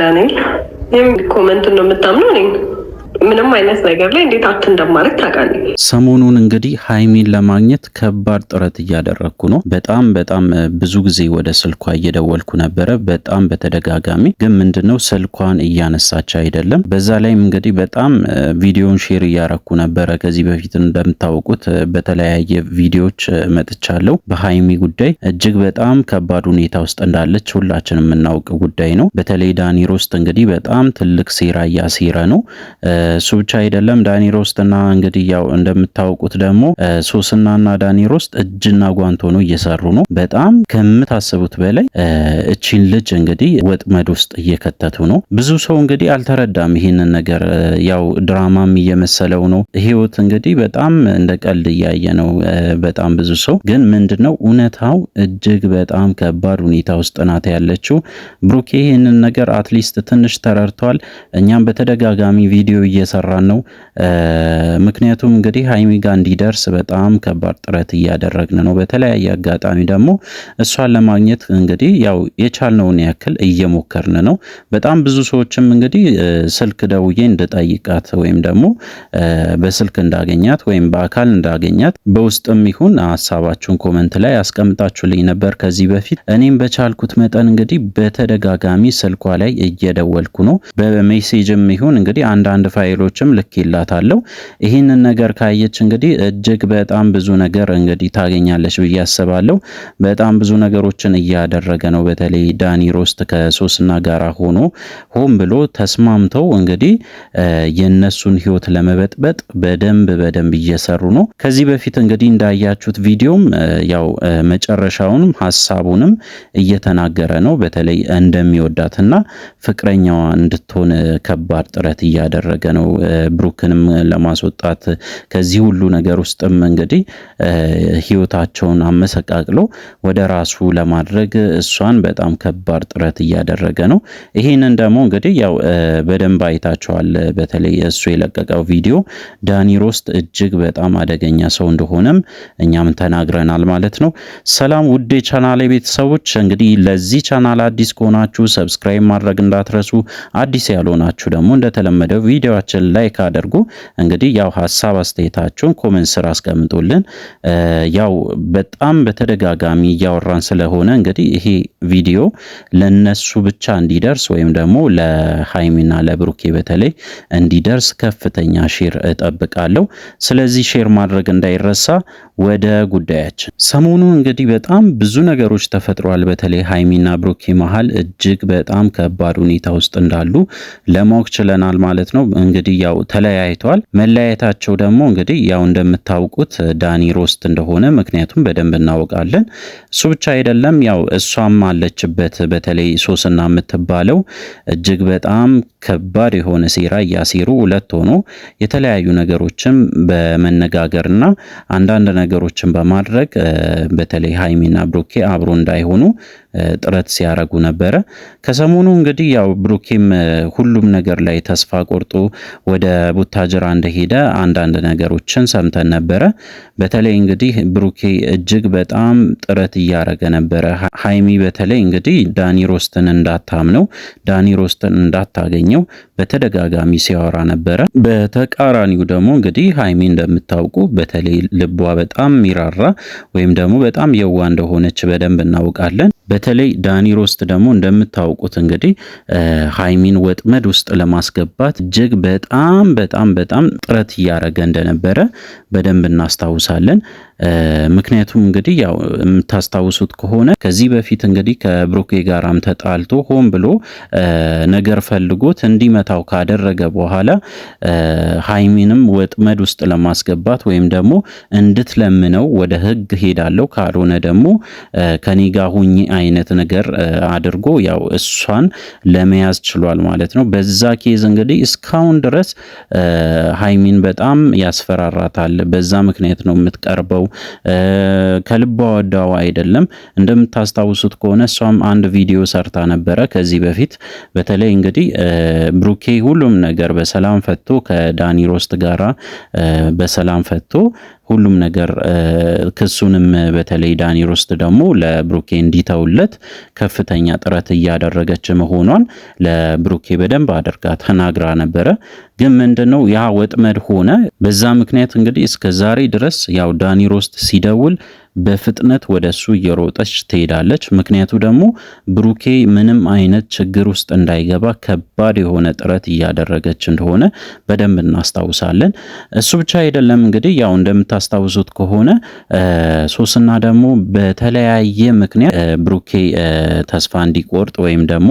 ዳንኤል የምን ኮመንት ነው የምታምነው? እኔ ምንም አይነት ነገር ላይ እንዴት አክት እንደማድረግ ታውቃለህ። ሰሞኑን እንግዲህ ሀይሚን ለማግኘት ከባድ ጥረት እያደረግኩ ነው። በጣም በጣም ብዙ ጊዜ ወደ ስልኳ እየደወልኩ ነበረ፣ በጣም በተደጋጋሚ ግን ምንድነው ስልኳን እያነሳች አይደለም። በዛ ላይም እንግዲህ በጣም ቪዲዮን ሼር እያረኩ ነበረ። ከዚህ በፊት እንደምታውቁት በተለያየ ቪዲዮዎች መጥቻለሁ። በሀይሚ ጉዳይ እጅግ በጣም ከባድ ሁኔታ ውስጥ እንዳለች ሁላችን የምናውቅ ጉዳይ ነው። በተለይ ዳኒ ሮስት እንግዲህ በጣም ትልቅ ሴራ እያሴረ ነው። እሱ ብቻ አይደለም። ዳኒ ሮስት እና እንግዲህ ያው እንደምታውቁት ደግሞ ሶስና እና ዳኒ ሮስት እጅና ጓንት ሆኖ እየሰሩ ነው። በጣም ከምታስቡት በላይ እቺን ልጅ እንግዲህ ወጥመድ ውስጥ እየከተቱ ነው። ብዙ ሰው እንግዲህ አልተረዳም ይህንን ነገር። ያው ድራማም እየመሰለው ነው ህይወት እንግዲህ በጣም እንደ ቀልድ እያየ ነው በጣም ብዙ ሰው። ግን ምንድነው እውነታው እጅግ በጣም ከባድ ሁኔታ ውስጥ ናት ያለችው። ብሩኬ ይህንን ነገር አትሊስት ትንሽ ተረድቷል። እኛም በተደጋጋሚ ቪዲዮ እየሰራን ነው። ምክንያቱም እንግዲህ ሀይሚ ጋ እንዲደርስ በጣም ከባድ ጥረት እያደረግን ነው። በተለያየ አጋጣሚ ደግሞ እሷን ለማግኘት እንግዲህ ያው የቻልነውን ያክል እየሞከርን ነው። በጣም ብዙ ሰዎችም እንግዲህ ስልክ ደውዬ እንደጠይቃት ወይም ደግሞ በስልክ እንዳገኛት ወይም በአካል እንዳገኛት በውስጥም ይሁን ሀሳባችሁን ኮመንት ላይ አስቀምጣችሁልኝ ነበር ከዚህ በፊት እኔም በቻልኩት መጠን እንግዲህ በተደጋጋሚ ስልኳ ላይ እየደወልኩ ነው። በሜሴጅም ይሁን እንግዲህ አንዳንድ ፋይል ልክ ይላታለው። ይህንን ነገር ካየች እንግዲህ እጅግ በጣም ብዙ ነገር እንግዲህ ታገኛለች ብዬ አስባለሁ። በጣም ብዙ ነገሮችን እያደረገ ነው። በተለይ ዳኒ ሮስት ከሶስና ጋራ ሆኖ ሆን ብሎ ተስማምተው እንግዲህ የነሱን ህይወት ለመበጥበጥ በደንብ በደንብ እየሰሩ ነው። ከዚህ በፊት እንግዲህ እንዳያችሁት ቪዲዮም ያው መጨረሻውንም ሀሳቡንም እየተናገረ ነው። በተለይ እንደሚወዳትና ፍቅረኛዋ እንድትሆን ከባድ ጥረት እያደረገ ነው ነው ብሩክንም ለማስወጣት ከዚህ ሁሉ ነገር ውስጥም እንግዲህ ህይወታቸውን አመሰቃቅሎ ወደ ራሱ ለማድረግ እሷን በጣም ከባድ ጥረት እያደረገ ነው። ይህንን ደግሞ እንግዲህ ያው በደንብ አይታቸዋል። በተለይ እሱ የለቀቀው ቪዲዮ ዳኒ ሮስት እጅግ በጣም አደገኛ ሰው እንደሆነም እኛም ተናግረናል ማለት ነው። ሰላም ውዴ ቻናል ቤተሰቦች እንግዲህ ለዚህ ቻናል አዲስ ከሆናችሁ ሰብስክራይብ ማድረግ እንዳትረሱ። አዲስ ያልሆናችሁ ደግሞ እንደተለመደው ቪዲዮ ገጻችን ላይ ካደርጉ እንግዲህ ያው ሀሳብ አስተያየታችሁን ኮሜንት ስር አስቀምጡልን። ያው በጣም በተደጋጋሚ እያወራን ስለሆነ እንግዲህ ይሄ ቪዲዮ ለነሱ ብቻ እንዲደርስ ወይም ደግሞ ለሃይሚና ለብሩኬ በተለይ እንዲደርስ ከፍተኛ ሼር እጠብቃለሁ። ስለዚህ ሼር ማድረግ እንዳይረሳ። ወደ ጉዳያችን ሰሞኑን እንግዲህ በጣም ብዙ ነገሮች ተፈጥሯል። በተለይ ሃይሚና ብሩኬ መሀል እጅግ በጣም ከባድ ሁኔታ ውስጥ እንዳሉ ለማወቅ ችለናል ማለት ነው። እንግዲህ ያው ተለያይተዋል። መለያየታቸው ደግሞ እንግዲህ ያው እንደምታውቁት ዳኒ ሮስት እንደሆነ ምክንያቱም በደንብ እናውቃለን። እሱ ብቻ አይደለም ያው እሷም አለችበት። በተለይ ሶስና የምትባለው እጅግ በጣም ከባድ የሆነ ሴራ እያሴሩ ሁለት ሆኖ የተለያዩ ነገሮችን በመነጋገርና አንዳንድ ነገሮችን በማድረግ በተለይ ሀይሚና ብሩኬ አብሮ እንዳይሆኑ ጥረት ሲያረጉ ነበረ። ከሰሞኑ እንግዲህ ያው ብሩኬም ሁሉም ነገር ላይ ተስፋ ቆርጦ ወደ ቡታጅራ እንደሄደ አንዳንድ ነገሮችን ሰምተን ነበረ። በተለይ እንግዲህ ብሩኬ እጅግ በጣም ጥረት እያረገ ነበረ። ሀይሚ በተለይ እንግዲህ ዳኒ ሮስትን እንዳታምነው ዳኒ ሮስትን እንዳታገኝ እንደሚገኘው በተደጋጋሚ ሲያወራ ነበረ። በተቃራኒው ደግሞ እንግዲህ ሀይሚ እንደምታውቁ በተለይ ልቧ በጣም ሚራራ ወይም ደግሞ በጣም የዋ እንደሆነች በደንብ እናውቃለን። በተለይ ዳኒ ሮስት ደግሞ እንደምታውቁት እንግዲህ ሀይሚን ወጥመድ ውስጥ ለማስገባት እጅግ በጣም በጣም በጣም ጥረት እያደረገ እንደነበረ በደንብ እናስታውሳለን። ምክንያቱም እንግዲህ ያው የምታስታውሱት ከሆነ ከዚህ በፊት እንግዲህ ከብሩኬ ጋራም ተጣልቶ ሆን ብሎ ነገር ፈልጎት እንዲመታው ካደረገ በኋላ ሀይሚንም ወጥመድ ውስጥ ለማስገባት ወይም ደግሞ እንድትለምነው ወደ ህግ ሄዳለው ካልሆነ ደግሞ ከኔ ጋ ሁኚ አይነት ነገር አድርጎ ያው እሷን ለመያዝ ችሏል ማለት ነው። በዛ ኬዝ እንግዲህ እስካሁን ድረስ ሀይሚን በጣም ያስፈራራታል። በዛ ምክንያት ነው የምትቀርበው ከልቧ ወዳው አይደለም። እንደምታስታውሱት ከሆነ እሷም አንድ ቪዲዮ ሰርታ ነበረ ከዚህ በፊት በተለይ እንግዲህ ብሩኬ ሁሉም ነገር በሰላም ፈቶ ከዳኒ ሮስት ጋራ በሰላም ፈቶ ሁሉም ነገር ክሱንም በተለይ ዳኒ ሮስት ደግሞ ለብሩኬ እንዲተውለት ከፍተኛ ጥረት እያደረገች መሆኗን ለብሩኬ በደንብ አድርጋ ተናግራ ነበረ። ግን ምንድነው ያ ወጥመድ ሆነ። በዛ ምክንያት እንግዲህ እስከ ዛሬ ድረስ ያው ዳኒ ሮስት ሲደውል በፍጥነት ወደ እሱ እየሮጠች ትሄዳለች። ምክንያቱ ደግሞ ብሩኬ ምንም አይነት ችግር ውስጥ እንዳይገባ ከባድ የሆነ ጥረት እያደረገች እንደሆነ በደንብ እናስታውሳለን። እሱ ብቻ አይደለም እንግዲህ ያው እንደምታስታውሱት ከሆነ ሶስና ደግሞ በተለያየ ምክንያት ብሩኬ ተስፋ እንዲቆርጥ ወይም ደግሞ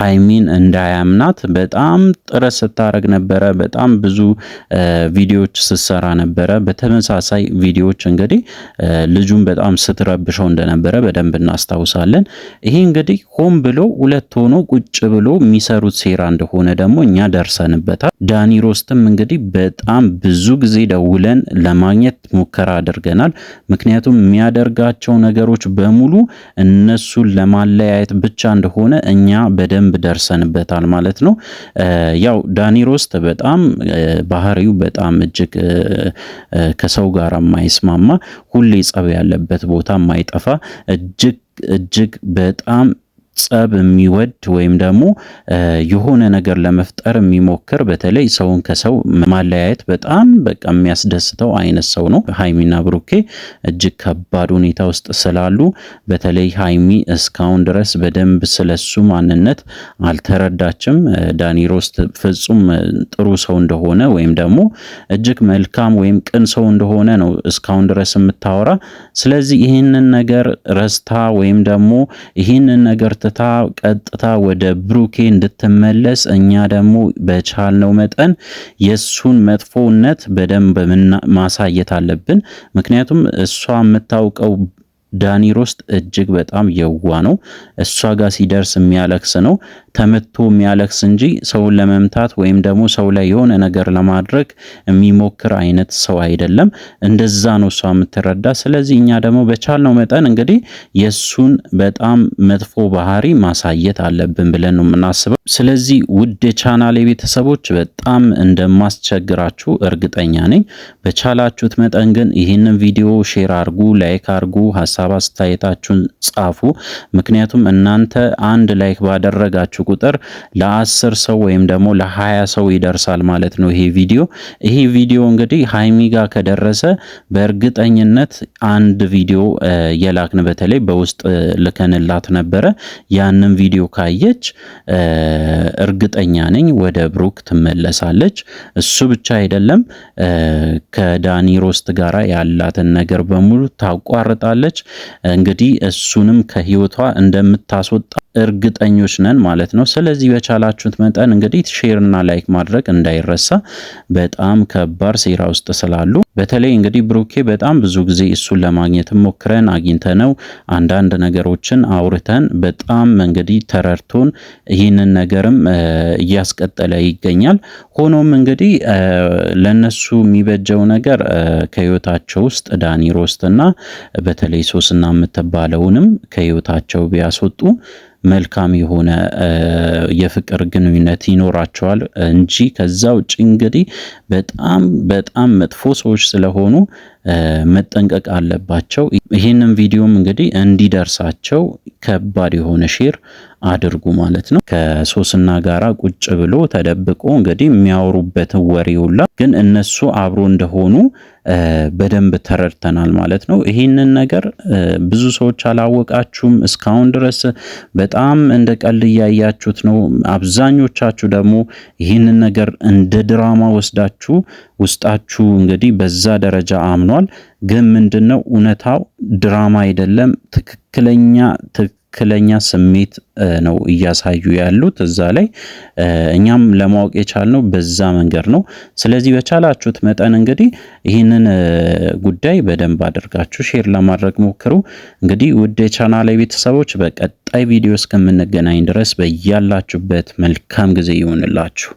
ሀይሚን እንዳያምናት በጣም ጥረት ስታደረግ ነበረ። በጣም ብዙ ቪዲዮዎች ስትሰራ ነበረ። በተመሳሳይ ቪዲዮዎች እንግዲህ ልጁ ልጁን በጣም ስትረብሸው እንደነበረ በደንብ እናስታውሳለን። ይሄ እንግዲህ ሆን ብሎ ሁለት ሆኖ ቁጭ ብሎ የሚሰሩት ሴራ እንደሆነ ደግሞ እኛ ደርሰንበታል። ዳኒ ሮስትም እንግዲህ በጣም ብዙ ጊዜ ደውለን ለማግኘት ሙከራ አድርገናል። ምክንያቱም የሚያደርጋቸው ነገሮች በሙሉ እነሱን ለማለያየት ብቻ እንደሆነ እኛ በደንብ ደርሰንበታል ማለት ነው። ያው ዳኒ ሮስት በጣም ባህሪው በጣም እጅግ ከሰው ጋር የማይስማማ ሁሌ ጸብ ያለ ያለበት ቦታ ማይጠፋ እጅግ እጅግ በጣም ጸብ የሚወድ ወይም ደግሞ የሆነ ነገር ለመፍጠር የሚሞክር በተለይ ሰውን ከሰው ማለያየት በጣም በቃ የሚያስደስተው አይነት ሰው ነው። ሀይሚና ብሩኬ እጅግ ከባድ ሁኔታ ውስጥ ስላሉ በተለይ ሀይሚ እስካሁን ድረስ በደንብ ስለሱ ማንነት አልተረዳችም። ዳኒ ሮስት ፍጹም ጥሩ ሰው እንደሆነ ወይም ደግሞ እጅግ መልካም ወይም ቅን ሰው እንደሆነ ነው እስካሁን ድረስ የምታወራ። ስለዚህ ይህንን ነገር ረስታ ወይም ደግሞ ይህንን ነገር በቀጥታ ቀጥታ ወደ ብሩኬ እንድትመለስ እኛ ደግሞ በቻልነው መጠን የእሱን መጥፎነት በደንብ ማሳየት አለብን። ምክንያቱም እሷ የምታውቀው ዳኒ ሮስት እጅግ በጣም የዋ ነው። እሷ ጋር ሲደርስ የሚያለቅስ ነው። ተመቶ የሚያለቅስ እንጂ ሰውን ለመምታት ወይም ደግሞ ሰው ላይ የሆነ ነገር ለማድረግ የሚሞክር አይነት ሰው አይደለም። እንደዛ ነው እሷ የምትረዳ። ስለዚህ እኛ ደግሞ በቻልነው መጠን እንግዲህ የእሱን በጣም መጥፎ ባህሪ ማሳየት አለብን ብለን ነው የምናስበው። ስለዚህ ውድ የቻናሌ ቤተሰቦች በጣም እንደማስቸግራችሁ እርግጠኛ ነኝ። በቻላችሁት መጠን ግን ይህንን ቪዲዮ ሼር አርጉ፣ ላይክ አርጉ፣ ሀሳብ አስተያየታችሁን ጻፉ። ምክንያቱም እናንተ አንድ ላይክ ባደረጋችሁ ቁጥር ለአስር ሰው ወይም ደግሞ ለሀያ ሰው ይደርሳል ማለት ነው ይሄ ቪዲዮ። ይሄ ቪዲዮ እንግዲህ ሀይሚ ጋር ከደረሰ በእርግጠኝነት አንድ ቪዲዮ የላክን በተለይ በውስጥ ልከንላት ነበረ። ያንን ቪዲዮ ካየች እርግጠኛ ነኝ ወደ ብሩክ ትመለሳለች። እሱ ብቻ አይደለም ከዳኒ ሮስት ጋራ ያላትን ነገር በሙሉ ታቋርጣለች። እንግዲህ እሱንም ከህይወቷ እንደምታስወጣ እርግጠኞች ነን ማለት ነው። ስለዚህ በቻላችሁት መጠን እንግዲህ ሼርና ላይክ ማድረግ እንዳይረሳ። በጣም ከባድ ሴራ ውስጥ ስላሉ በተለይ እንግዲህ ብሩኬ በጣም ብዙ ጊዜ እሱን ለማግኘት ሞክረን አግኝተ ነው አንዳንድ ነገሮችን አውርተን በጣም እንግዲህ ተረድቶን ይህንን ነገርም እያስቀጠለ ይገኛል። ሆኖም እንግዲህ ለነሱ የሚበጀው ነገር ከህይወታቸው ውስጥ ዳኒ ሮስትና በተለይ ሶስና የምትባለውንም ከህይወታቸው ቢያስወጡ መልካም የሆነ የፍቅር ግንኙነት ይኖራቸዋል እንጂ ከዛ ውጭ እንግዲህ በጣም በጣም መጥፎ ሰዎች ስለሆኑ መጠንቀቅ አለባቸው። ይህንም ቪዲዮም እንግዲህ እንዲደርሳቸው ከባድ የሆነ ሼር አድርጉ ማለት ነው። ከሶስና ጋራ ቁጭ ብሎ ተደብቆ እንግዲህ የሚያወሩበት ወሬ ሁላ ግን እነሱ አብሮ እንደሆኑ በደንብ ተረድተናል ማለት ነው። ይህንን ነገር ብዙ ሰዎች አላወቃችሁም እስካሁን ድረስ በጣም እንደ ቀልድ እያያችሁት ነው። አብዛኞቻችሁ ደግሞ ይህንን ነገር እንደ ድራማ ወስዳችሁ ውስጣችሁ እንግዲህ በዛ ደረጃ አምኖ ሆኗል። ግን ምንድን ነው እውነታው ድራማ አይደለም። ትክክለኛ ትክክለኛ ስሜት ነው እያሳዩ ያሉት እዛ ላይ። እኛም ለማወቅ የቻልነው በዛ መንገድ ነው። ስለዚህ በቻላችሁት መጠን እንግዲህ ይህንን ጉዳይ በደንብ አድርጋችሁ ሼር ለማድረግ ሞክሩ። እንግዲህ ውድ የቻናሌ ቤተሰቦች በቀጣይ ቪዲዮ እስከምንገናኝ ድረስ በያላችሁበት መልካም ጊዜ ይሆንላችሁ።